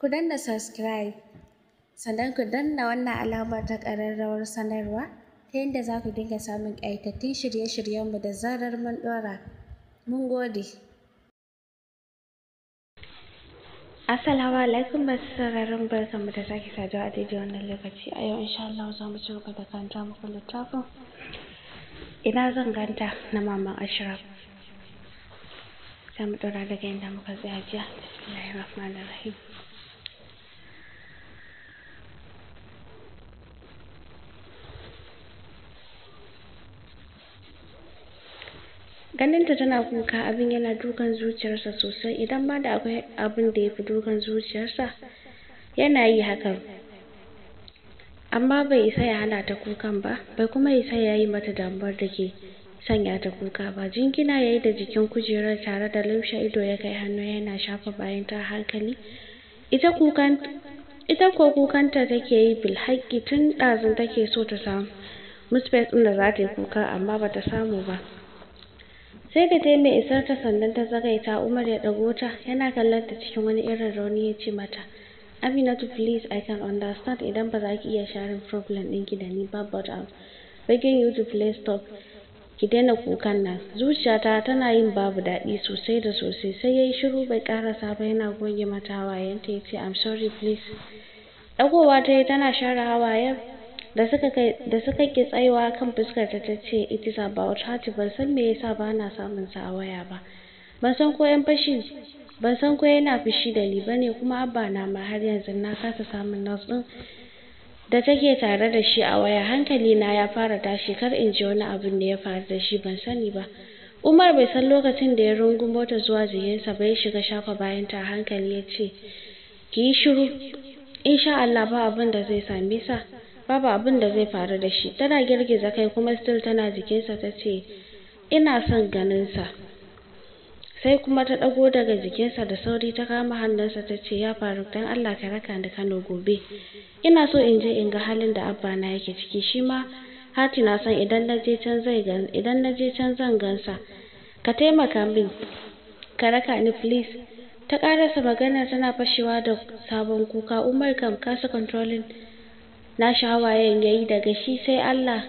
ku danna subscribe sannan ku danna wannan alamar ta ƙararrawar sanarwa ta yadda za ku dinga samun ƙaitattun shirye-shiryenmu da zarar mun ɗora mun gode Assalamu alaikum sararin sauraron mu da sake saduwa a daidai wannan lokaci a yau insha Allah za mu ci gaba da kanta muku littafin ina zan ganta na maman Ashraf za mu ɗora daga inda muka tsaya jiya bismillahir rahmanir rahim ganinta tana kuka abin yana dukan zuciyarsa sosai idan ma da akwai abin da yafi dukan zuciyarsa yana yi hakan amma bai isa ya hana ta kukan ba bai kuma isa yayi mata damuwar da ke sanya ta kuka ba jingina yayi da jikin kujerar tare da lumshe ido ya kai hannu yana shafa bayanta ta hankali ita kukan ita ko kukanta take yi bilhaki tun ɗazun take so ta samu space ɗin da za yi kuka amma bata samu ba sai da je mai isar ta sannan ta zagaita Umar ya ɗago ta yana kallon ta cikin wani irin rauni ya ce mata Aminatu please I can understand idan ba za ki iya sharing problem ɗinki da ni ba but I'm begging you to please stop ki daina kukan nan zuciyata tana yin babu daɗi sosai da sosai sai yayi shiru bai ƙarasa ba yana goge mata hawayenta yace I'm sorry please ta yi tana share hawayen da suka ke tsayuwa kan fuskar ta tace it ba about heart ban san me yasa ba na samun sa a waya ba ban san ko yan fashi ban san ko yana fushi da ni bane kuma abba na ma har yanzu na kasa samun nas din da take tare da shi a waya hankali na ya fara tashi kar in ji wani abin da ya faru da shi ban sani ba Umar bai san lokacin da ya rungumo ta zuwa jikinsa ba ya shiga shafa bayan ta hankali ya ce ki yi shiru insha Allah ba abin da zai same sa babu abin da zai faru da shi tana girgiza kai kuma still tana jikinsa ta ce ina son ganin sa sai kuma ta ɗago daga jikinsa da sauri ta kama hannunsa ta ce ya faru dan Allah ka raka ni Kano gobe ina so in je in ga halin da abba na yake ciki shi ma hati na son idan na je can zai gan idan na can zan gansa ka taimaka min ka raka ni please ta ƙarasa magana tana fashewa da sabon kuka Umar kam kasa controlling na hawayen yayi daga shi sai Allah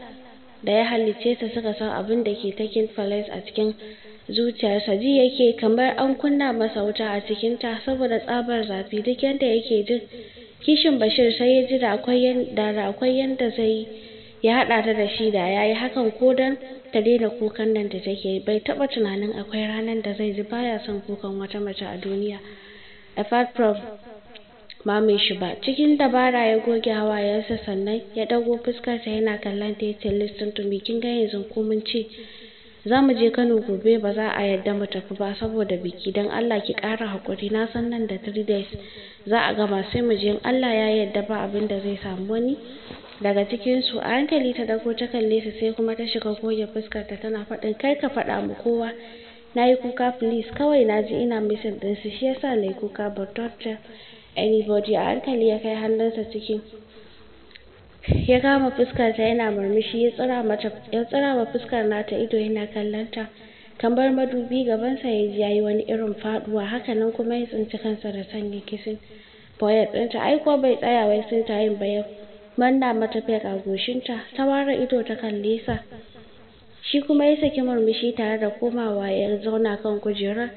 da ya halicce ta suka san abin da ke taken place a cikin zuciyarsa ji yake kamar an kunna masa wuta a cikinta saboda tsabar zafi duk yanda yake jin kishin Bashir sai ya ji da akwai da da akwai yanda zai ya haɗa ta da shi da yayi hakan ko dan ta daina kukan nan da take bai taɓa tunanin akwai ranar da zai ji baya son kukan wata mace a duniya apart from mamin shi ba cikin dabara ya goge hawayensa sannan ya ɗago fuskarta yana kallon ta yace listen to me kin ga yanzu ko mun ce za mu je Kano gobe ba za a yarda mu tafi ba saboda biki don Allah ki ƙara haƙuri na san nan da three days za a gama sai mu je in Allah ya yadda ba abin da zai samu wani daga cikin su a hankali ta dago ta kalle su sai kuma ta shiga goge fuskarta tana faɗin kai ka faɗa mu kowa nayi kuka please kawai na ji ina missing ɗinsu shi yasa na yi kuka but anybody a hankali ya kai hannunsa ciki ya kama fuskarta yana murmushi ya tsira mata ya tsira wa fuskar nata ido yana kallonta kamar madubi gabansa ya ji yayi wani irin faɗuwa, haka nan kuma ya tsinci kansa da sanya kisin boyet ɗinta ai kuwa bai tsaya wai sai ta yin ba ya manna mata fek a goshinta ta ware ido ta kalle sa shi kuma ya saki murmushi tare da komawa ya zauna kan kujera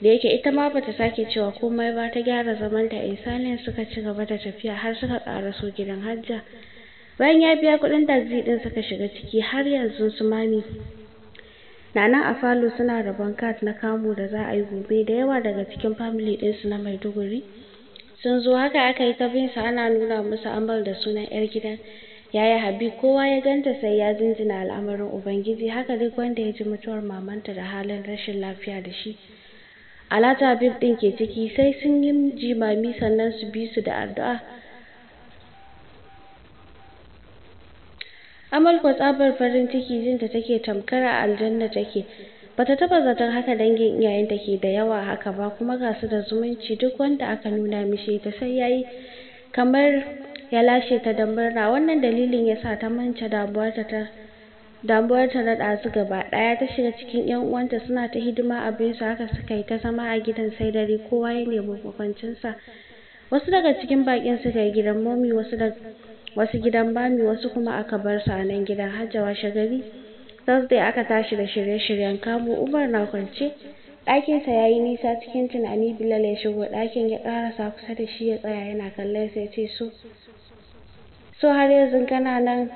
da yake ita ma bata sake cewa komai ba ta gyara zaman ta isalin suka ci gaba da tafiya har suka ƙaraso gidan hajja bayan ya biya kuɗin taxi ɗin suka shiga ciki har yanzu su mame. Nana a falo suna rabon kat na kamu da za a yi gobe da yawa daga cikin family ɗinsu na Maiduguri sun zo haka aka yi ta bin su ana nuna musu amal da sunan yar gidan yaya Habib kowa ya ganta sai ya jinjina al'amarin Ubangiji haka duk wanda ya ji mutuwar mamanta da halin rashin lafiya da shi alata Habib ɗin ke ciki sai sun yi jimami sannan su bi su da addu'a. Amal tsabar farin ciki jinta take tamkar a aljanna take. Bata taɓa zaton haka dangin iyayenta ke da yawa haka ba kuma ga su da zumunci duk wanda aka nuna mishi ita sai yayi kamar ya lashe ta da murna wannan dalilin yasa ta manta damuwarta ta Damuwar ta na su gaba ɗaya, ta shiga cikin ‘yan uwanta suna ta hidima a su haka suka yi ta zama a gidan sai dare kowa ya nemi sa Wasu daga cikin bakin su yi gidan Momi, wasu wasu gidan bami wasu kuma aka bar su a nan gidan Hajja. gari Thursday aka tashi da shirye-shiryen kamo, Umar na kwance ɗakinsa ya yi nisa cikin tunani Bilal ya shigo ɗakin ya karasa kusa da shi ya tsaya yana sa ya ce so so har yanzu kana nan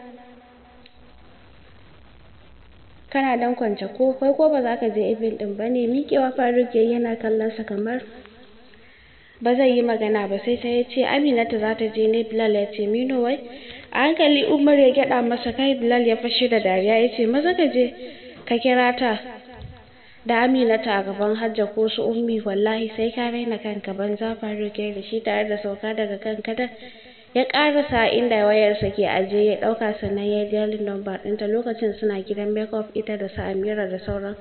kana dan kwance ko kai ko ba za ka je event ɗin ba ne miƙewa faruk yayi yana kallon sa kamar ba zai yi magana ba sai ta ya ce aminata za ta je ne bilal ya ce mino wai a hankali umar ya gyaɗa masa kai bilal ya fashe da dariya ya ce maza ka je ka kira ta da aminata a gaban hajja ko su ummi wallahi sai ka raina kanka banza faruk ya da shi tare da sauka daga kan kadan ya ƙarasa inda wayarsa ke ajiye ya ɗauka sannan ya dialing number ɗinta lokacin suna gidan makeup ita da su Amira da sauran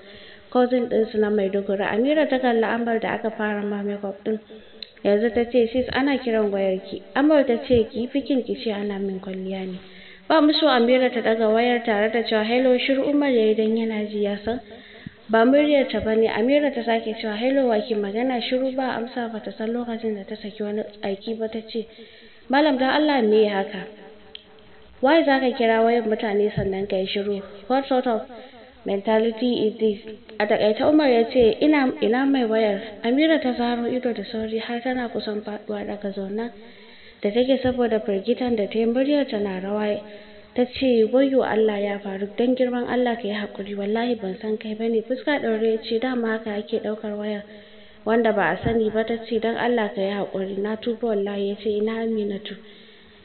cousin ɗinsu na Maiduguri Amira ta kalli Amber da aka fara ma makeup ɗin yanzu ta ce sis ana kiran wayarki Amber ta ce ki fikin ki ce ana min kwalliya ne ba musu Amira ta ɗaga wayar tare da cewa hello shiru Umar ya yi don yana ji ya san ba muryar ta bane Amira ta sake cewa hello ke magana shiru ba amsa ba ta san lokacin da ta saki wani aiki ba ta ce malam dan Allah me ya haka why zaka kira wayan mutane sannan ka shiru what sort of mentality is this a takaice Umar ya ce ina ina mai wayar Amira ta zaro ido da sauri har tana kusan faduwa daga zauna da take saboda firgitan da ta yi muryar tana rawa ta ce wayo Allah ya faru don girman Allah ka yi haƙuri wallahi ban san kai bane fuska ɗaure ya ce dama haka ake ɗaukar wayar. wanda ba a sani ba ta ce don Allah ka yi haƙuri na tuba wallahi ya ce ina aminatu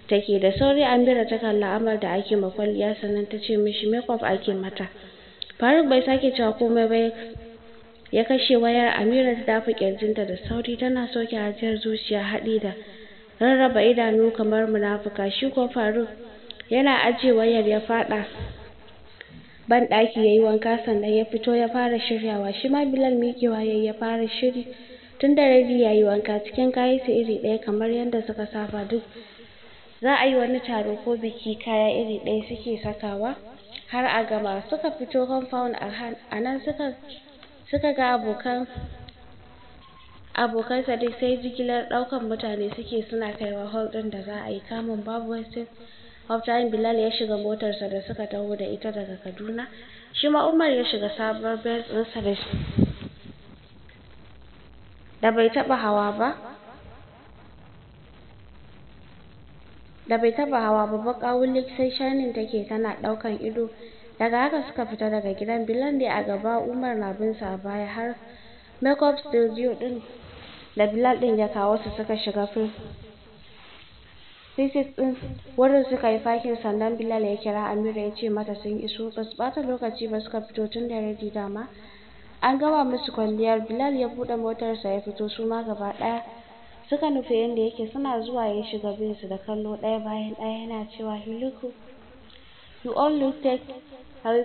take da sauri amira ta kalla amar da ake kwalliya, sannan ta ce mishi makeup ake mata faruk bai sake cewa komai ba ya kashe wayar amira ta dafa kirjinta da sauri tana soke hajiyar zuciya haɗi da rarraba idanu kamar munafuka shi ko faruk yana ajiye wayar ya faɗa banɗaki yayi wanka sannan ya fito ya fara shiryawa shima Bilal miƙewa yayi ya fara shiri tun da yayi wanka cikin kayansu iri ɗaya kamar yadda suka saba duk za a yi wani taro ko biki kaya iri ɗaya suke sakawa har a gama suka fito compound a nan suka suka ga abokan abokan Sadiq sai jigilar ɗaukan mutane suke suna kaiwa hall ɗin da za yi kamun babu wai Haftayin Bilal ya shiga motarsa da suka taho da ita daga Kaduna, shi Umar ya shiga sabuwar Benz ɗinsa da shi da bai taɓa hawa ba da bai taɓa hawa ba baƙa sai shining take tana ɗaukan ido daga haka suka fita daga gidan Bilal ne a gaba Umar na bin sa a baya har makeup studio ɗin da Bilal ɗin ya kawo su suka shiga fim. sisis ɗin wurin suka yi fakin sandan bilal ya kira amira ya ce mata sun iso ba su ɓata lokaci ba suka fito tun da rabi dama an gama musu kwalliyar bilal ya buɗe motarsa ya fito su ma gaba ɗaya suka nufi inda yake suna zuwa ya shiga bin su da kallo ɗaya bayan ɗaya yana cewa you look you all look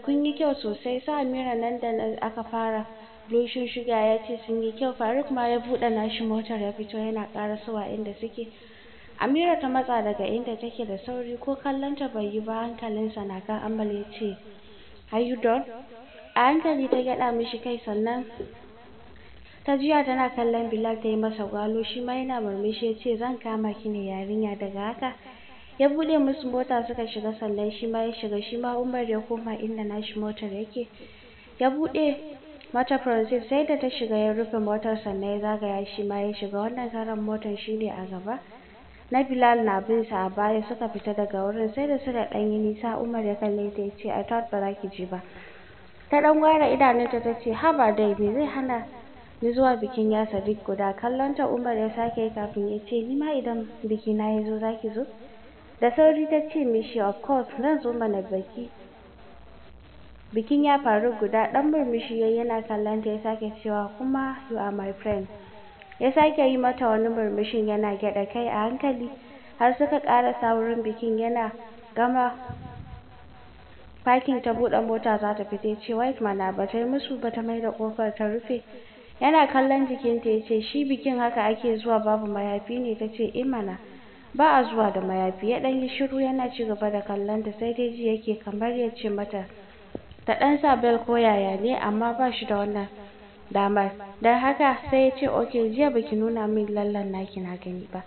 kun yi kyau sosai sa amira nan da nan aka fara lushin shuga ya ce sun yi kyau faruk ma ya buɗe nashi motar ya fito yana ƙarasowa inda suke Amira ta matsa daga inda take da sauri ko kallonta bai yi ba hankalinsa na kan Amal ya ce are you done? A hankali ta gyaɗa mishi kai sannan ta juya tana kallon Bilal ta yi masa gwalo shi ma yana murmushi ya ce zan kama ki ne yarinya daga haka ya buɗe musu mota suka shiga sannan shi ma ya shiga shi ma Umar ya koma inda nashi motar yake ya buɗe mata Francis sai da ta shiga ya rufe motar sannan ya zagaya shi ma ya shiga wannan karon motar shi ne a gaba na Bilal na bin sa a baya suka fita daga wurin sai da suka ɗan yi nisa Umar ya kalle ta yace I thought ba za ki je ba ta ɗan gwara idanunta ta ce haba dai me zai hana ni zuwa bikin ya Sadiq guda kallon ta Umar ya sake kafin ya ce ni ma idan biki na ya zo za ki zo da sauri ta ce mishi of course zan zo mana baki bikin ya faru guda ɗan murmushi yayi yana kallon ta ya sake cewa kuma you are my friend ya sake yi mata wani murmushin yana gyaɗa kai a hankali har suka ƙarasa wurin bikin yana gama fakin ta buɗe mota za ta fita ya ce White mana ba ta musu ba ta maida ƙofar ta rufe yana kallon jikinta ya ce shi bikin haka ake zuwa babu mayafi ne ta ce eh mana ba a zuwa da mayafi ya ɗan yi shiru yana ci gaba da kallon ta sai dai ji yake kamar ya ce mata ta ɗan sa bel ko yaya ne amma ba shi da wannan damar dan haka sai yace ce okay jiya baki nuna min lallan naki na gani ba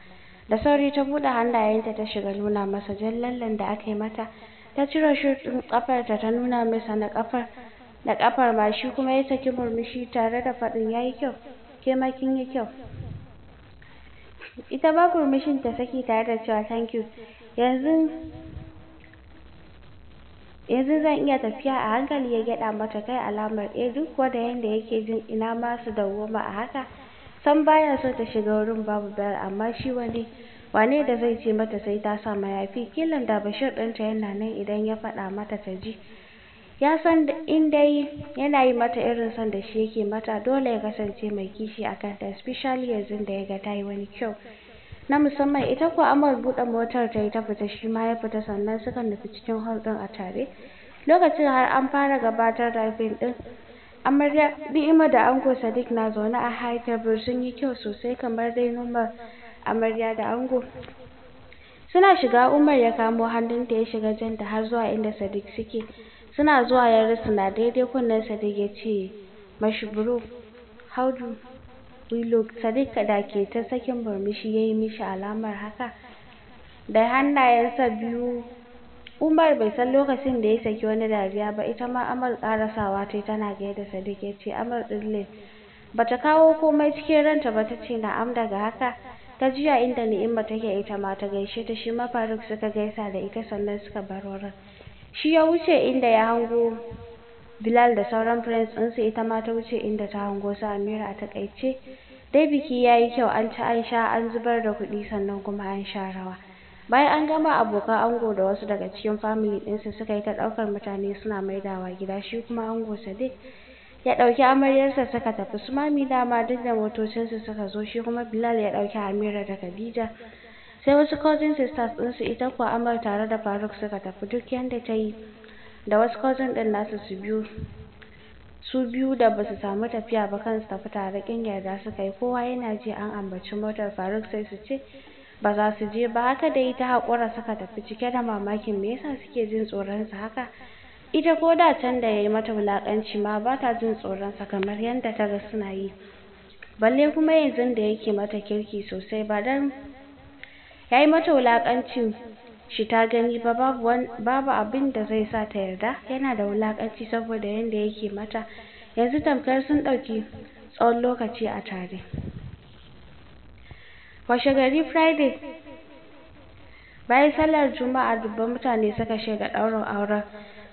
da sauri ta buɗe hannayenta ta shiga nuna masa jan lallen da aka yi mata ta cire shut kafarta kafar ta nuna masa na kafar da kafar ma shi kuma ya saki murmushi tare da faɗin yayi kyau ke ma kin yi kyau ita ma murmushin ta saki tare da cewa thank you yanzu yanzu zan iya tafiya a hankali ya gyada mata kai alamar eh duk wanda yanda yake jin ina ma su dawwama a haka san baya so ta shiga wurin babu bayar amma shi wani wane da zai ce mata sai ta sa mayafi kilan da bashir ɗinta yana nan idan ya faɗa mata ta ji ya san in dai yana yi mata irin son da shi yake mata dole ya kasance mai kishi a kanta especially yanzu da ya ga ta wani kyau na musamman ita kuwa Amal buɗe motar ta yi ta fita shi ma ya fita sannan suka nufi cikin hall ɗin a tare lokacin har an fara gabatar da abin ɗin amarya Ni'ima da ango Sadiq na zaune a high table sun yi kyau sosai kamar dai normal amarya da ango suna shiga Umar ya kamo hannunta ya shiga janta har zuwa inda Sadiq suke suna zuwa ya na daidai kunnen Sadiq ya ce mashi bro how do Willow Sadiq da ke ta sakin murmushi ya yi mishi alamar haka da hannayensa biyu Umar bai san lokacin da ya saki wani dariya ba ita ma Amar karasawa tai tana gaida Sadiq ya ce Amar din bata kawo komai cikin ranta ba ta ce na'am daga haka ta jiya inda Ni'ima take ita ma ta gaishe ta shi ma Faruk suka gaisa da ita sannan suka bar wurin shi ya wuce inda ya hango Bilal da sauran friends ɗinsu ita ma ta wuce inda ta hango su Amira a takaice. Dai biki yayi kyau an ci an sha an zubar da kuɗi sannan kuma an sha rawa. Bayan an gama abokan ango da wasu daga cikin family su suka yi ta ɗaukar mutane suna maidawa gida shi kuma ango dai ya ɗauki amaryarsa suka tafi su mami dama duk da motocinsu suka zo shi kuma Bilal ya ɗauki Amira da Khadija. Sai wasu cousin sisters ɗinsu ita kuwa Amar tare da Faruk suka tafi duk yanda ta yi. da wasu cousin ɗin nasu su biyu su biyu da basu samu tafiya ba kansu tafi tare yarda suka yi kowa yana ji an ambaci motar Faruk sai su ce ba za su je ba haka dai ita haƙura suka tafi cike da mamakin me yasa suke jin tsoron sa haka ita ko da can da yayi mata wulakanci ma ba ta jin tsoron sa kamar yadda ta ga suna yi balle kuma yanzu da yake mata kirki sosai ba dan yayi mata wulaƙanci shi ta gani ba babu babu abin zai sa ta yarda yana da wulakanci saboda yanda yake mata yanzu tamkar sun ɗauki tsawon lokaci a tare washe gari Friday bayan sallar juma'a dubban mutane suka shaida ɗaurin auren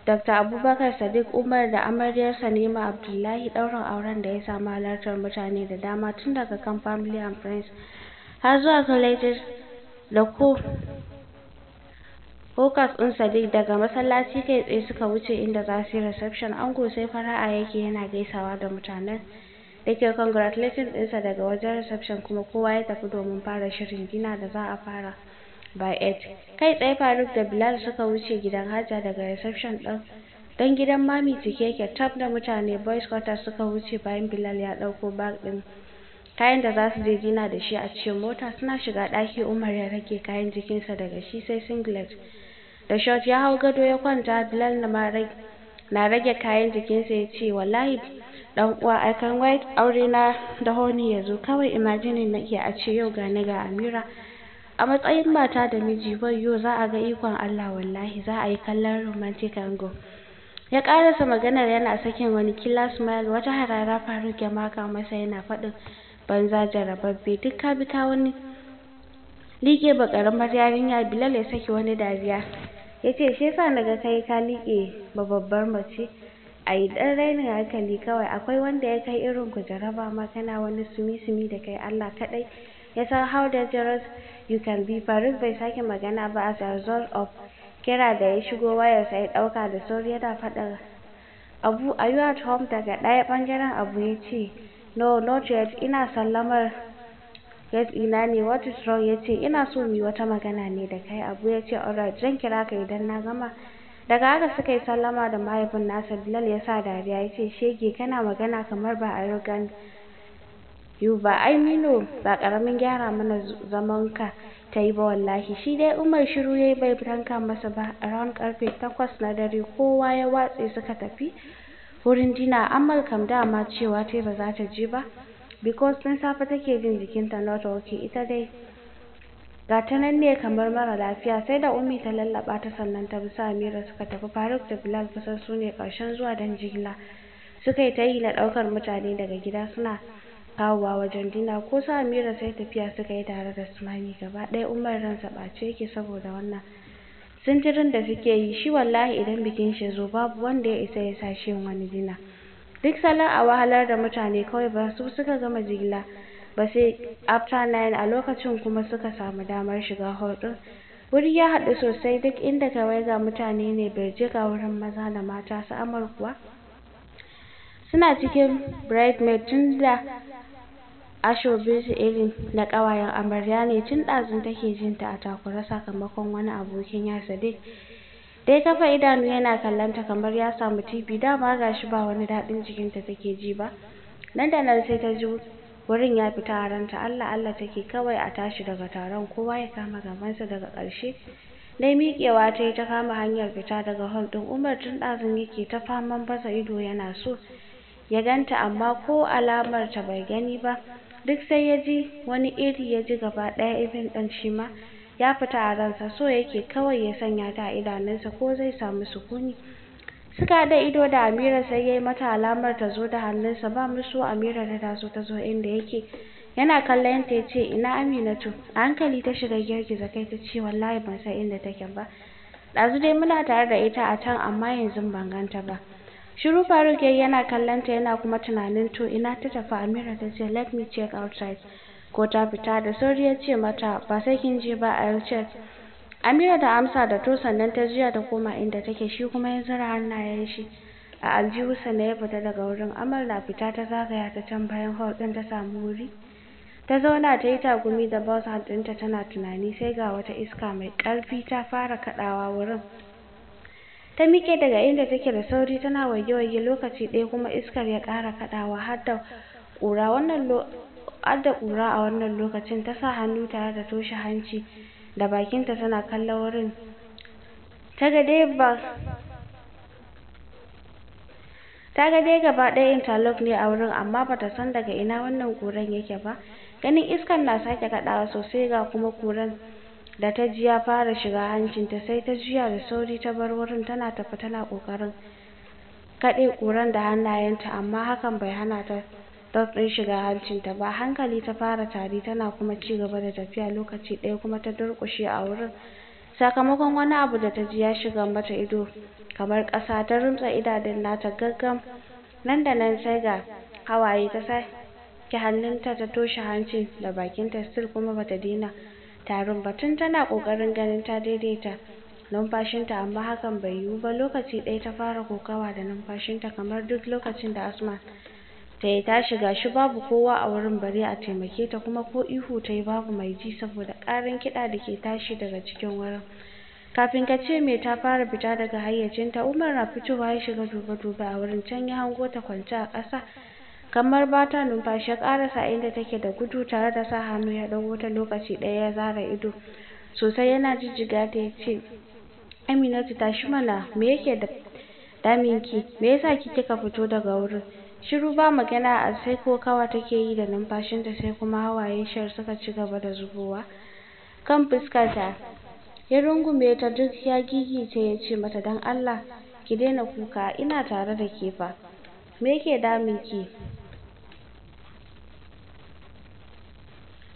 Dr. Abubakar Sadiq Umar da amaryarsa Sanima Abdullahi ɗaurin auren da ya samu halartar mutane da dama tun daga kan family and friends har zuwa kan da ko Focus ɗin Sadiq daga masallaci kai tsaye suka wuce inda za su yi reception. Ango sai fara'a yake yana gaisawa da mutanen da ke congratulating ɗinsa daga wajen reception kuma kowa ya tafi domin fara shirin dina da za a fara by 8. Kai tsaye Faruk da Bilal suka wuce gidan Hajja daga reception ɗin don gidan Mami cike yake tab da mutane. Boys quarter suka wuce bayan Bilal ya ɗauko bag ɗin kayan da za su je jina da shi a cikin mota suna shiga ɗaki umar ya rage kayan jikinsa daga shi sai singlet da shot ya hau gado ya kwanta bilal na rage kayan jikinsa ya ce wallahi dan uwa I can wait aure na da honi ya zo kawai imagine nake a ce yau ga ni ga Amira a matsayin mata da miji wayyo za a ga ikon Allah wallahi za a yi kallon romantic angle ya karasa maganar yana sakin wani killer smile wata harara Faruk ya maka masa yana faɗin banza jarababbe duk ka bi ta wani liƙe ba ƙaramar yarinya Bilal ya saki wani dariya yace shi yasa naga kai ka liƙe ba babbar mace ayi dan rainin hankali kawai akwai wanda ya kai irin ku jaraba ma kana wani sumi sumi da kai Allah kaɗai ya san how dangerous you can be Faruk bai sake magana ba as a result of kira da ya shigo wayarsa ya ɗauka da sauri yana faɗin Abu are you at home daga ɗaya bangaren Abu yace No, not yet. Ina sallamar yes ina ne. What is wrong? Ya ina so mu wata magana ne da kai. Abu yace ce, alright, zan kira ka idan na gama. Daga haka suka yi sallama da mahaifin nasa. Bilal ya sa dariya yace shege kana magana kamar ba arrogant you ba. Ai Mino, ba ƙaramin gyara mana zaman ka ta yi ba wallahi. Shi dai Umar shiru ya bai tanka masa ba. Around karfe takwas na dare kowa ya watse suka tafi. wurin dina Amal kam dama cewa ta ba za ta je ba because tun safe take jin jikinta not okay ita dai ga ta nan ne kamar mara lafiya sai da ummi ta lallaba ta sannan ta bi Amira suka tafi Faruk da Bilal kusan su ne ƙarshen zuwa don jigila suka yi ta yi na ɗaukar mutane daga gida suna kawowa wajen dina ko su Amira sai tafiya suka yi tare da su gaba ɗaya Umar ransa ɓace yake saboda wannan sintirin da suke yi shi wallahi idan bikin shi ya zo babu wanda ya isa ya sa shi wani jina duk salon a wahalar da mutane kawai ba su suka gama jigila ba sai after nine a lokacin kuma suka samu damar shiga hall ɗin wuri ya haɗu sosai duk inda ka ga mutane ne ga wurin maza da mata su amar kuwa suna cikin bridesmaid tun da asho bisi irin na ƙawayen amarya ne tun ɗazun take jin ta a takura sakamakon wani abokin ya Sadiq. Da ya kafa idanu yana kallon ta kamar ya samu TV dama ga shi ba wani daɗin jikinta take ji ba. Nan da nan sai ta ji wurin ya fita a ranta Allah Allah take kawai a tashi daga taron kowa ya kama gabansa daga ƙarshe dai miƙewa ta yi ta kama hanyar fita daga hall ɗin Umar tun ɗazun yake ta faman baza ido yana so ya ganta amma ko alamar ta bai gani ba. duk sai ya ji wani iri ya ji gaba ɗaya irin ɗin shima ya fita a ransa so yake kawai ya sanya ta a idanunsa ko zai samu sukuni suka haɗa ido da Amira sai ya mata alamar ta zo da hannunsa ba mu musu Amira ta taso ta zo inda yake yana kallon ta ya ce ina Aminatu a hankali ta shiga girgiza kai ta ce wallahi ban san inda take ba ɗazu dai muna tare da ita a can amma yanzu ban ganta ba Shiru Faruk yayi yana kallonta yana kuma tunanin to ina ta tafi Amira ta ce let me check outside ko ta fita da sauri ya ce mata ba sai kin je ba I'll check. Amira da amsa da to sannan ta jiya ta koma inda take shi kuma ya zura hannayen shi a aljihu sannan ya fita daga wurin Amal na fita ta zagaya ta can bayan hall din ta samu wuri. Ta zauna ta yi tagumi da bas hand ɗinta tana tunani sai ga wata iska mai ƙarfi ta fara kaɗawa wurin. ta miƙe daga inda take da sauri tana waige-waige lokaci ɗaya kuma iskar ya ƙara kaɗawa har da ƙura wannan lo har ƙura a wannan lokacin ta sa hannu tare da toshe hanci da bakinta tana kallon wurin ta ga dai ba ta ga dai gaba ɗaya interlock ne a wurin amma bata san daga ina wannan ƙuran yake ba ganin iskar na sake kaɗawa sosai ga kuma ƙuran da ta ji ya fara shiga hancinta sai ta juya da sauri ta bar wurin tana tafe tana kokarin kaɗe kuran da hannayenta amma hakan bai hana ta dab ɗin shiga hancinta ba hankali ta fara tari tana kuma ci gaba da tafiya lokaci daya kuma ta durkushe a wurin sakamakon wani abu da ta ji ya shiga mata ido kamar kasa ta runtse idanun nata gaggam nan da nan sai ga hawaye ta sake hannunta ta toshe hancin da bakinta still kuma bata daina tarin batun tana ƙoƙarin ganin ta daidaita numfashinta amma hakan bai yiwu ba lokaci ɗaya ta fara kokawa da numfashinta kamar duk lokacin da Asma ta yi ta shiga shi babu kowa a wurin bari a taimake ta kuma ko ihu ta yi babu mai ji saboda ƙarin kiɗa da ke tashi daga cikin wurin kafin ka ce me ta fara fita daga hayyacinta Umar na fitowa ya shiga dube-dube a wurin can ya hango ta kwance a ƙasa kamar bata ta numfashi ya ƙarasa inda take da gudu tare da sa hannu ya ɗago ta lokaci ɗaya ya zara ido sosai yana jijjiga ta ya ce Aminatu tashi mana me yake da daminki me yasa kike ka fito daga wurin shiru ba magana a sai kokawa take yi da numfashinta sai kuma hawaye shar suka ci gaba da zubowa kan fuskarta ya rungume ta duk ya gigice ya ce mata don Allah ki daina kuka ina tare da ke fa me yake daminki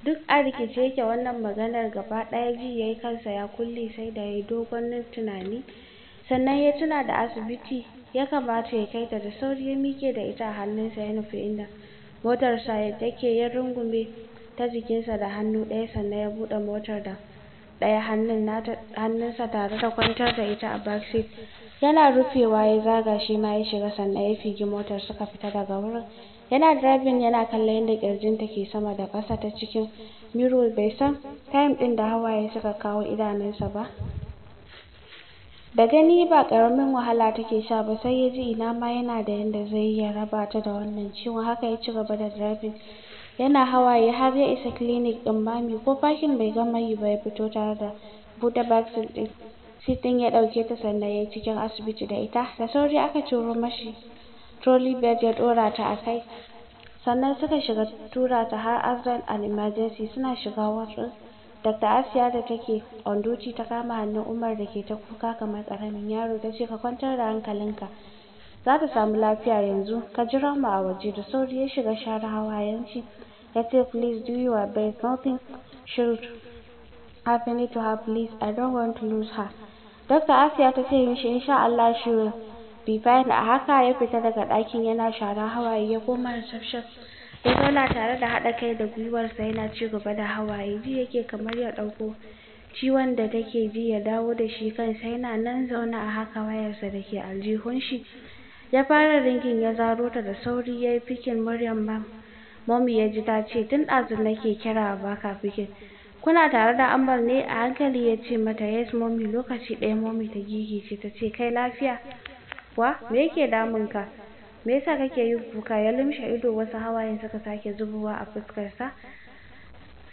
duk a rikice yake wannan maganar gaba ɗaya ji yayi kansa ya kulle sai da yayi dogon tunani sannan ya tuna da asibiti ya kamata ya kai ta da sauri ya miƙe da ita a hannunsa ya nufi inda motarsa take ya rungume ta jikinsa da hannu ɗaya sannan ya buɗe motar da ɗaya hannun nata hannunsa tare da kwantar da ita a back seat yana rufewa ya zaga shi shima ya shiga sannan ya fige motar suka fita daga wurin yana driving yana kallon yadda ta ke sama da ƙasa ta cikin mirror bai san time ɗin da hawaye suka kawo idanunsa ba da gani ba karamin wahala take sha ba sai ya ji ina ma yana da yanda zai yi raba ta da wannan ciwon haka ya cigaba da driving yana hawaye har ya isa clinic ɗin Mami ko parking bai gama yi ba ya fito tare da buɗe back ɗin seat ɗin ya ɗauke ta sannan yi cikin asibiti da ita da sauri aka ciro mashi trolley bed ya ɗora ta a kai sannan suka shiga tura ta har Accident and Emergency suna shiga wasu. ɗin Dr. Asiya da take on duty ta kama hannun Umar da ke ta kuka kamar ƙaramin yaro ta ce ka kwantar da hankalinka za ta samu lafiya yanzu ka jira mu a waje da sauri ya shiga share hawayen shi ya ce please do your best nothing should happen to her please I don't want to lose her Dr. Asiya ta ce mishi in sha Allah she will Bifayil a haka ya fita daga ɗakin yana shara hawaye ya koma reception. Ya zauna tare da haɗa kai da gwiwarsa yana ci gaba da hawaye. Ji yake kamar ya ɗauko ciwon da take ji ya dawo da shi kansa yana nan zaune a haka wayarsa da ke aljihun shi. Ya fara ringin ya zaro ta da sauri ya yi fikin muryar mam. ya ji ta ce tun ɗazu nake kira ba fikin. Kuna tare da Ambal ne? A hankali ya ce mata yes mommy lokaci ɗaya mommy ta gigice ta ce kai lafiya? Wa me yake damun ka me yasa kake yin kuka ya lumshe ido wasu hawayen suka sake zubowa a fuskarsa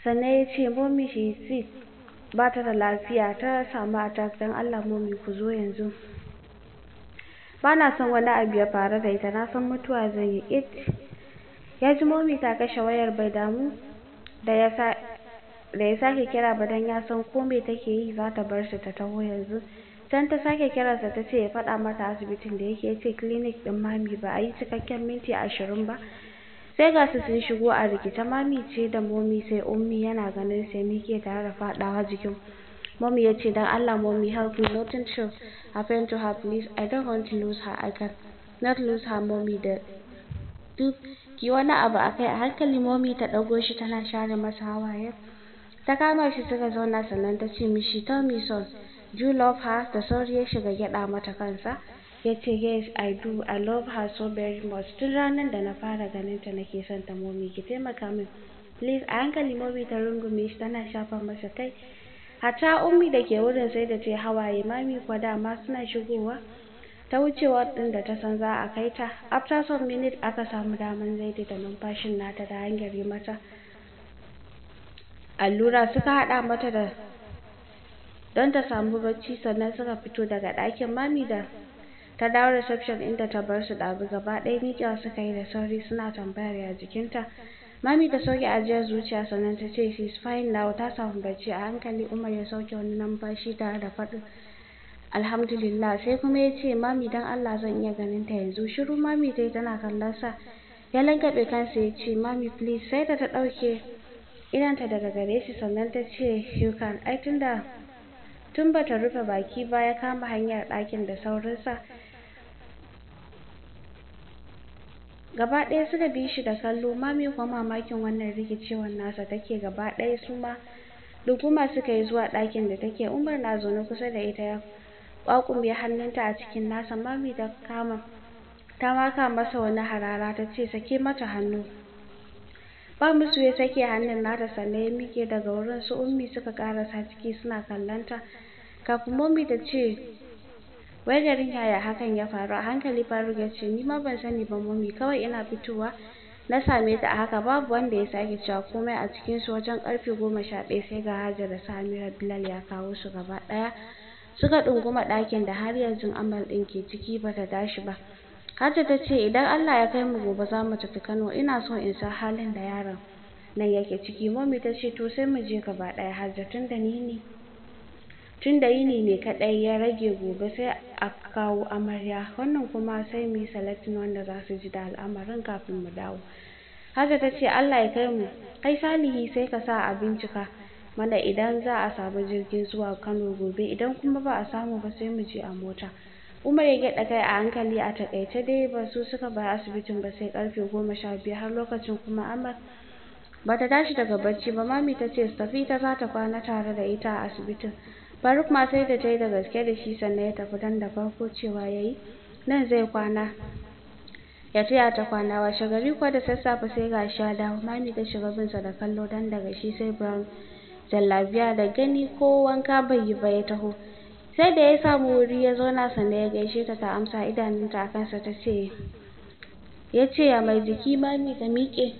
sannan ya ce mommy she sick ba ta da lafiya ta samu attack don Allah mommy ku zo yanzu ba na son wani abu ya faru da ita na san mutuwa zai yi it ya ji momi ta kashe wayar bai damu da ya sa da ya sake kira ba dan ya san ko me take yi za ta bar shi ta taho yanzu Can ta sake kiransa ta ce ya faɗa mata asibitin da yake ya ce clinic ɗin mami ba a yi cikakken minti ashirin ba. Sai ga su sun shigo a rikice mami ce da momi sai ummi yana ganin sai mike tare da faɗawa jikin momi ya ce don Allah momi help me nothing happen to her please I don't want to lose her I can not lose her momi da duk ki wani abu a kai. a hankali momi ta ɗago shi tana share masa hawaye ta kama shi suka zauna sannan ta ce mishi tell me Do you love her? Da sauri ya shiga gyaɗa mata kansa. Ya ce yes I do, I love her so very much. Tun ranar da na fara ganin ta nake son ta mommy, ki taimaka min. Please a hankali mommy ta rungume shi tana shafa masa kai. Hatta ummi da ke wurin sai da tayi hawaye mami kuwa dama suna shigowa. ta wuce ward ɗin da ta san za a kai ta after some minutes aka samu daman zaidi da numfashin nata da hanyar yi mata allura suka haɗa mata da don ta samu bacci sannan suka fito daga ɗakin mami da ta dawo reception inda ta bar su ɗabi gaba ɗaya miƙewa suka yi da sauri suna tambayar ya jikinta mami ta sauke ajiyar zuciya sannan ta ce is fine now ta samu bacci a hankali Umar ya sauke wani numfashi tare da faɗin alhamdulillah sai kuma ya ce mami don Allah zan iya ganin ta yanzu shiru mami ta yi tana kallon sa ya langaɓe kansa ya ce mami please sai da ta ɗauke idonta daga gare shi sannan ta ce you can ai tunda tun bata rufe baki ba ya kama hanyar ɗakin da saurinsa gaba ɗaya suka bi shi da kallo ma mami kuwa mamakin wannan rikicewar nasa take gaba ɗaya su ma suka yi zuwa ɗakin da take umar na zaune kusa da ita ya ƙwaƙume hannunta a cikin nasa mami ta kama ta maka masa wani harara ta ce sake mata hannu ba musu ya sake hannun nata sannan ya miƙe daga wurin su ummi suka ƙarasa ciki suna kallonta kafin Mummy ta ce wai garin yaya hakan ya faru a hankali Faruk ya ce ni ma ban sani ba Mummy kawai ina fitowa na same ta a haka babu wanda ya sake cewa komai a cikin su wajen karfe goma sha ɗaya sai ga Hajar da Samira Bilal ya kawo su gaba ɗaya suka ɗunguma ɗakin da har yanzu Amal ɗin ke ciki bata tashi ba Hajar ta ce idan Allah ya kai mu gobe za mu tafi Kano ina so in san halin da yaron nan yake ciki Mummy ta ce to sai mu je gaba ɗaya Hajar tunda ni ne tunda yini ne kaɗai ya rage gobe sai a kawo amarya wannan kuma sai muyi selecting wanda zasu ji da al'amarin kafin mu dawo Hajara tace Allah ya kai mu kai Salihi sai ka sa a bincika mana idan za a samu jirgin zuwa Kano gobe idan kuma ba'a samu ba sai mu je a mota Umar ya gyaɗa kai a hankali a taƙaice dai basu suka bar asibitin ba sai ƙarfe goma sha biyu har lokacin kuma Amar bata tashi daga bacci ba mami tace su tafi ita zata kwana tare da ita a asibitin Faruk ma sai da yi da gaske da shi sannan ya tafi dan da farko cewa ya yi nan zai kwana ya taya ta kwana washe gari kuwa da sassafe sai ga sha dawo mami ta shiga bin sa da kallo dan daga shi sai brown jallabiya da gani ko wanka bai yi ba ya taho sai da ya samu wuri ya zauna sannan ya gaishe ta ta amsa idanunta a kansa ta ce ya ce ya mai jiki mami ta miƙe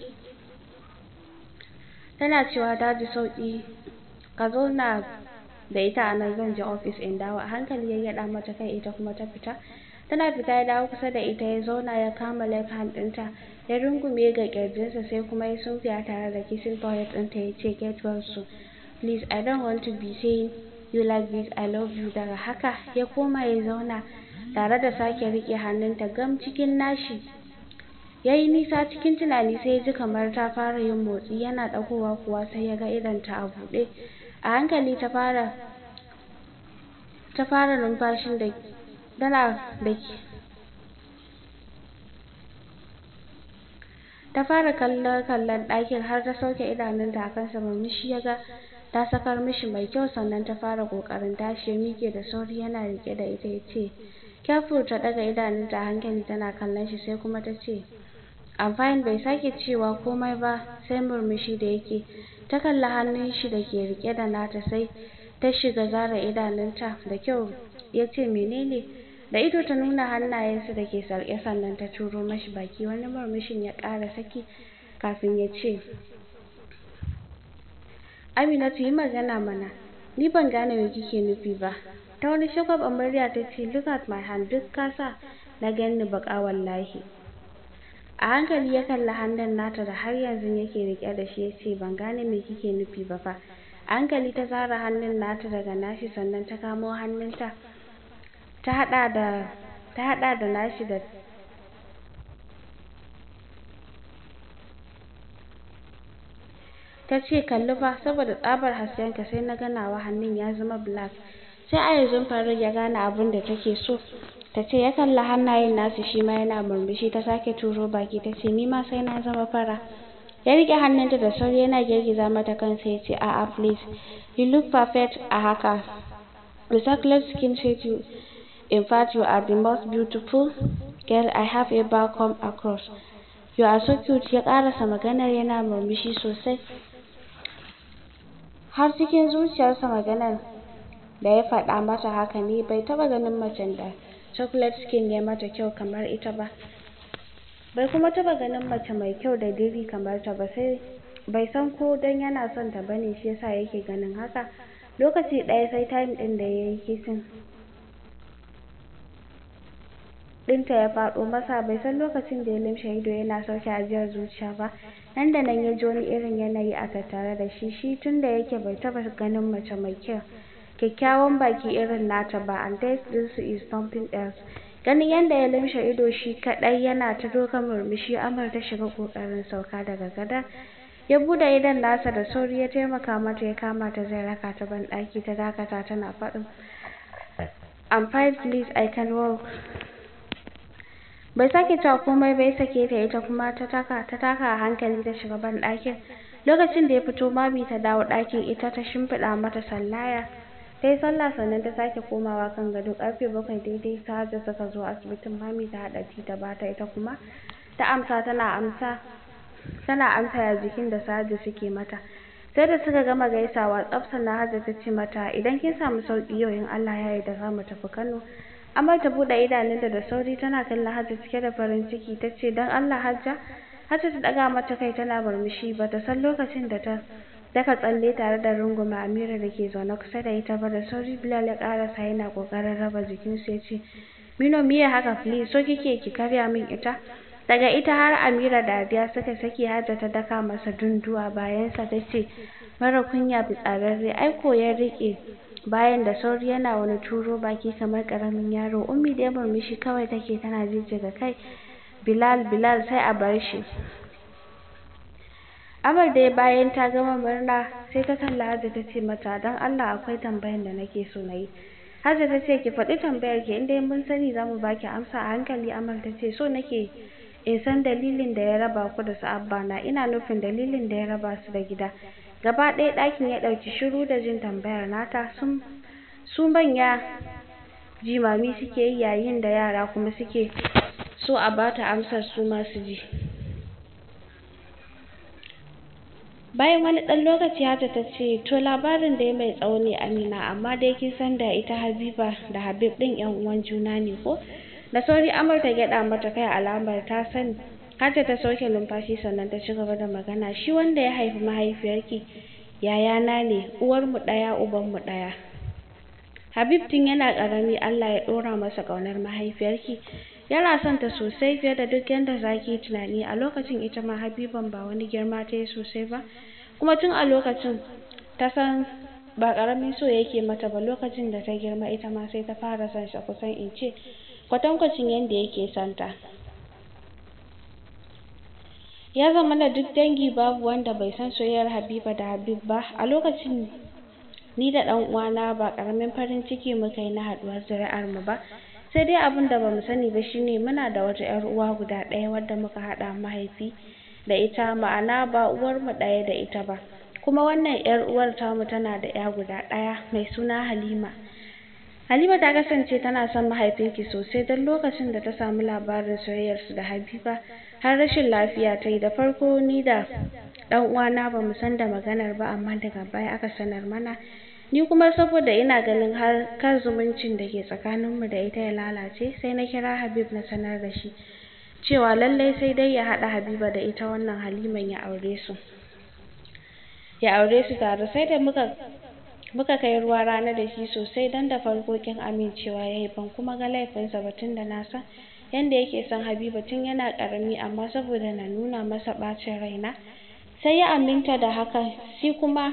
tana cewa ta ji sauƙi ka zauna da ita a nan zan je ofis in dawo a hankali ya gyaɗa mata kai ita kuma ta fita tana fita ya dawo kusa da ita ya zauna ya kama left hand ɗinta ya rungume ga ƙirjinsa sai kuma ya sunkuya tare da kissing forehead ɗinta ya ce get well soon please I don't want to be saying you like this I love you daga haka ya koma ya zauna tare da sake riƙe hannunta gam cikin nashi ya yi nisa cikin tunani sai ya ji kamar ta fara yin motsi yana ɗagowa kuwa sai ya ga idonta a buɗe a hankali ta fara ta fara numfashin da tana da ta fara kallon ɗakin har ta sauke idanunta a kansa murmushi ya ga ta sakar mishi mai kyau sannan ta fara ƙoƙarin tashi ya miƙe da sauri yana riƙe da ita ya ce careful ta ɗaga idanunta a hankali tana kallon shi sai kuma ta ce I'm fine bai sake cewa komai ba sai murmushi da yake ta kalli hannun shi da ke riƙe da nata sai ta shiga zare idanunta da kyau ya ce menene da ido ta nuna hannayensa da ke sarƙe sannan ta turo mashi baki wani murmushin ya ƙara saki kafin ya ce Aminatu yi magana mana ni ban gane me kike nufi ba ta wani shagwaɓa murya ta ce look at my hand duk ka sa na ganni baƙa wallahi a hankali ya kalli hannun nata da har yanzu yake rike da shi yace ban gane me kike nufi ba fa a hankali ta zare hannun nata daga nashi sannan ta kamo hannunta ta hada da ta hada da nashi da ta ce kalli fa saboda tsabar haskenka sai na ganawa hannun ya zama black sai a yanzun farin ya gane da take so ta ce ya salla hannayen nasu shima yana murmushi ta sake turo baki ta ce ni ma sai na zama fara ya riƙe hannunta da sauri yana girgiza mata kansa ya ce a'a please you look perfect a haka the chocolate skin said you in fact you are the most beautiful girl I have ever come across you are so cute ya ƙarasa maganar yana murmushi sosai har cikin zuciyarsa maganar da ya faɗa mata haka ne bai taɓa ganin macen da chocolate skin ya mata kyau kamar ita ba bai kuma taɓa ganin mace mai kyau da diri kamar ta ba sai bai san ko dan yana son ta bane shi yasa yake ganin haka lokaci ɗaya sai time ɗin da yayi kissing ɗinta ya faɗo masa bai san lokacin da ya limshe ido yana sauke ajiyar zuciya ba nan da nan ya ji wani irin yanayi a tattare da shi shi tunda yake bai taɓa ganin mace mai kyau kyakkyawan baki irin nata ba and this this is something else ganin yadda ya lumshe ido shi kadai yana ta dogon murmushi Amar ta shiga kokarin sauka daga gadon ya bude idon nasa da sauri ya taimaka mata ya kama ta zai raka ta daki ta dakata tana fadin I'm fine please I can walk bai sake cewa komai ba sake ta ita kuma ta taka ta taka a hankali ta shiga banɗakin lokacin da ya fito ma ta dawo ɗakin ita ta shimfiɗa mata sallaya ta sallah sannan ta sake komawa kan gado karfe bakwai daidai saja suka zo asibitin mami ta haɗa ti ta bata ita kuma ta amsa tana amsa tana amsa ya jikin da saja suke mata sai da suka gama gaisawa tsaf sannan hajja ta ce mata idan kin samu sauki yau in Allah ya yarda za mu tafi Kano amma ta buɗe idanunta da sauri tana kallon hajja cike da farin ciki ta ce don Allah hajja hajja ta ɗaga mata kai tana murmushi bata san lokacin da ta daka tsalle tare da rungume Amira da ke zaune kusa da ita ba da sauri Bilal ya karasa yana kokarin raba jikinsu ya ce Mino miye haka please so kike ki karya min ita daga ita har Amira da Abia suka saki har ta daka masa dunduwa bayan sa ta ce mara kunya fitsararre ai ko ya rike bayan da sauri yana wani turo baki kamar karamin yaro ummi dai murmushi kawai take tana jijjiga kai Bilal Bilal sai a bar shi Amal dai bayan ta gama murna sai ta kalla Hajja ta ce mata don Allah akwai tambayan da nake so na yi. Hajja ta ce ki faɗi tambayar ki in dai mun sani za mu baki amsa a hankali Amal ta ce so nake in san dalilin da ya raba ku da Sa'abba na ina nufin dalilin da ya raba su da gida. Gaba ɗaya ɗakin ya ɗauki shiru da jin tambayar nata su manya jimami suke yi yayin da yara kuma suke so a bata amsar su ma su ji. bayan wani ɗan lokaci hata ta ce to labarin dai mai tsawo ne Amina amma dai kin san da ita Habiba da Habib ɗin 'yan uwan juna ne ko da sauri Amar ta gyaɗa mata kai alamar ta sani Hata ta sauke numfashi sannan ta ci gaba da magana shi wanda ya haifi mahaifiyarki yayana ne uwarmu ɗaya ubanmu ɗaya Habib tun yana ƙarami Allah ya ɗora masa ƙaunar mahaifiyarki Yana son ta sosai fiye da duk yadda zaki tunani. A lokacin ita ma Habiban ba wani girma ta yi sosai ba, kuma tun a lokacin ta san ba ƙaramin so yake mata ba. Lokacin da ta girma ita ma sai ta fara son sa kusan in ce kwatankwacin yanda yake son ta. Ya zamana duk dangi babu wanda bai san soyayyar Habiba da Habib ba. A lokacin ni da ɗan uwana ba ƙaramin farin ciki muka yi na haɗuwar mu ba. sai dai abun da bamu sani ba shine muna da wata ƴar uwa guda ɗaya wadda muka haɗa mahaifi da ita ma'ana ba uwar mu ɗaya da ita ba kuma wannan ƴar uwar tamu tana da ƴa guda ɗaya mai suna Halima Halima ta kasance tana son mahaifinki sosai don lokacin da ta samu labarin soyayyar su da Habiba har rashin lafiya tayi da farko ni da ɗan uwana bamu san da maganar ba amma daga baya aka sanar mana Ni kuma saboda ina ganin har kar zumuncin da ke mu da ita ya lalace, sai na kira Habib na sanar da shi cewa lallai sai dai ya haɗa Habiba da ita wannan Haliman ya aure su. Ya aure su tare sai da muka muka kai ruwa rana da shi sosai don da farko kin amincewa yayi ban kuma ga laifinsa ba tunda na san yanda yake son Habiba tun yana ƙarami amma saboda na nuna masa ɓacin raina sai ya aminta da hakan shi kuma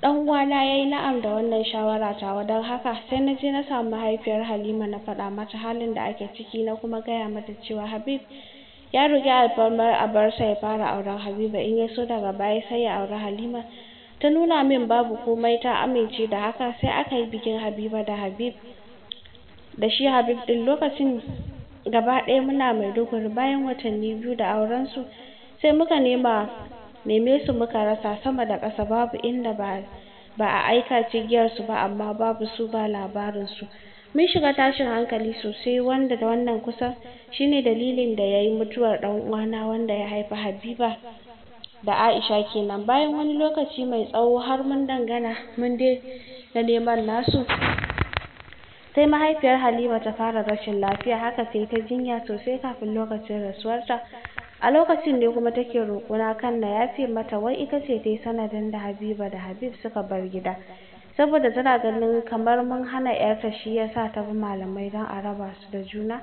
dan uwana yayi na'am da wannan shawara tawa don haka sai na je na samu mahaifiyar Halima na faɗa mata halin da ake ciki na kuma gaya mata cewa Habib ya roƙi alfarmar a bar ya fara auren Habiba in ya so daga baya sai ya auri Halima ta nuna min babu komai ta amince da haka sai aka yi bikin Habiba da Habib da shi Habib ɗin lokacin gaba ɗaya muna Maiduguri bayan watanni biyu da auren su sai muka nema neme su muka rasa sama da ƙasa babu inda ba ba a aika cigiyar su ba amma babu su ba labarin su mun shiga tashin hankali sosai wanda wannan kusan shine dalilin da yayi mutuwar ɗan uwana wanda ya haifi Habiba da Aisha kenan bayan wani lokaci mai tsawo har mun dangana mun daina neman nasu sai mahaifiyar Halima ta fara rashin lafiya haka sai ta jinya sosai kafin lokacin rasuwar a lokacin ne kuma take roƙuna. kan na yafe mata wai ita ce ta sanadin da Habiba da Habib suka bar gida saboda tana ganin kamar mun hana yarta shi yasa ta bi malamai don a raba su da juna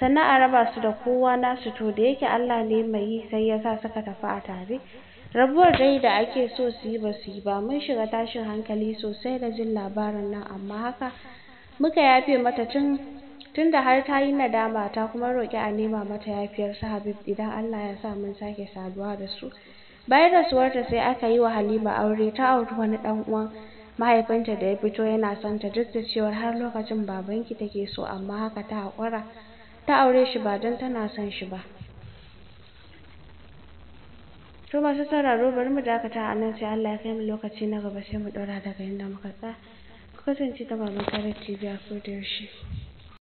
sannan a raba su da kowa nasu to da yake Allah ne mai yi sai yasa suka tafi a tare rabuwar dai da ake so su yi ba su yi ba mun shiga tashin hankali sosai da jin labarin nan amma haka muka yafe mata tun tunda har ta yi nadama ta kuma roƙi a nema mata yafiyar su Habib idan Allah ya sa mun sake saduwa da su bayan rasuwarta sai aka yi wa Halima aure ta auri wani ɗan uwan mahaifinta da ya fito yana son ta duk da cewar har lokacin babanki take so amma haka ta haƙura ta aure shi ba don tana son shi ba to masu sauraro bari mu dakata a nan sai Allah ya kai mu lokaci na gaba sai mu ɗora daga inda muka tsaya ku kasance da Maman Carrot TV a koda yaushe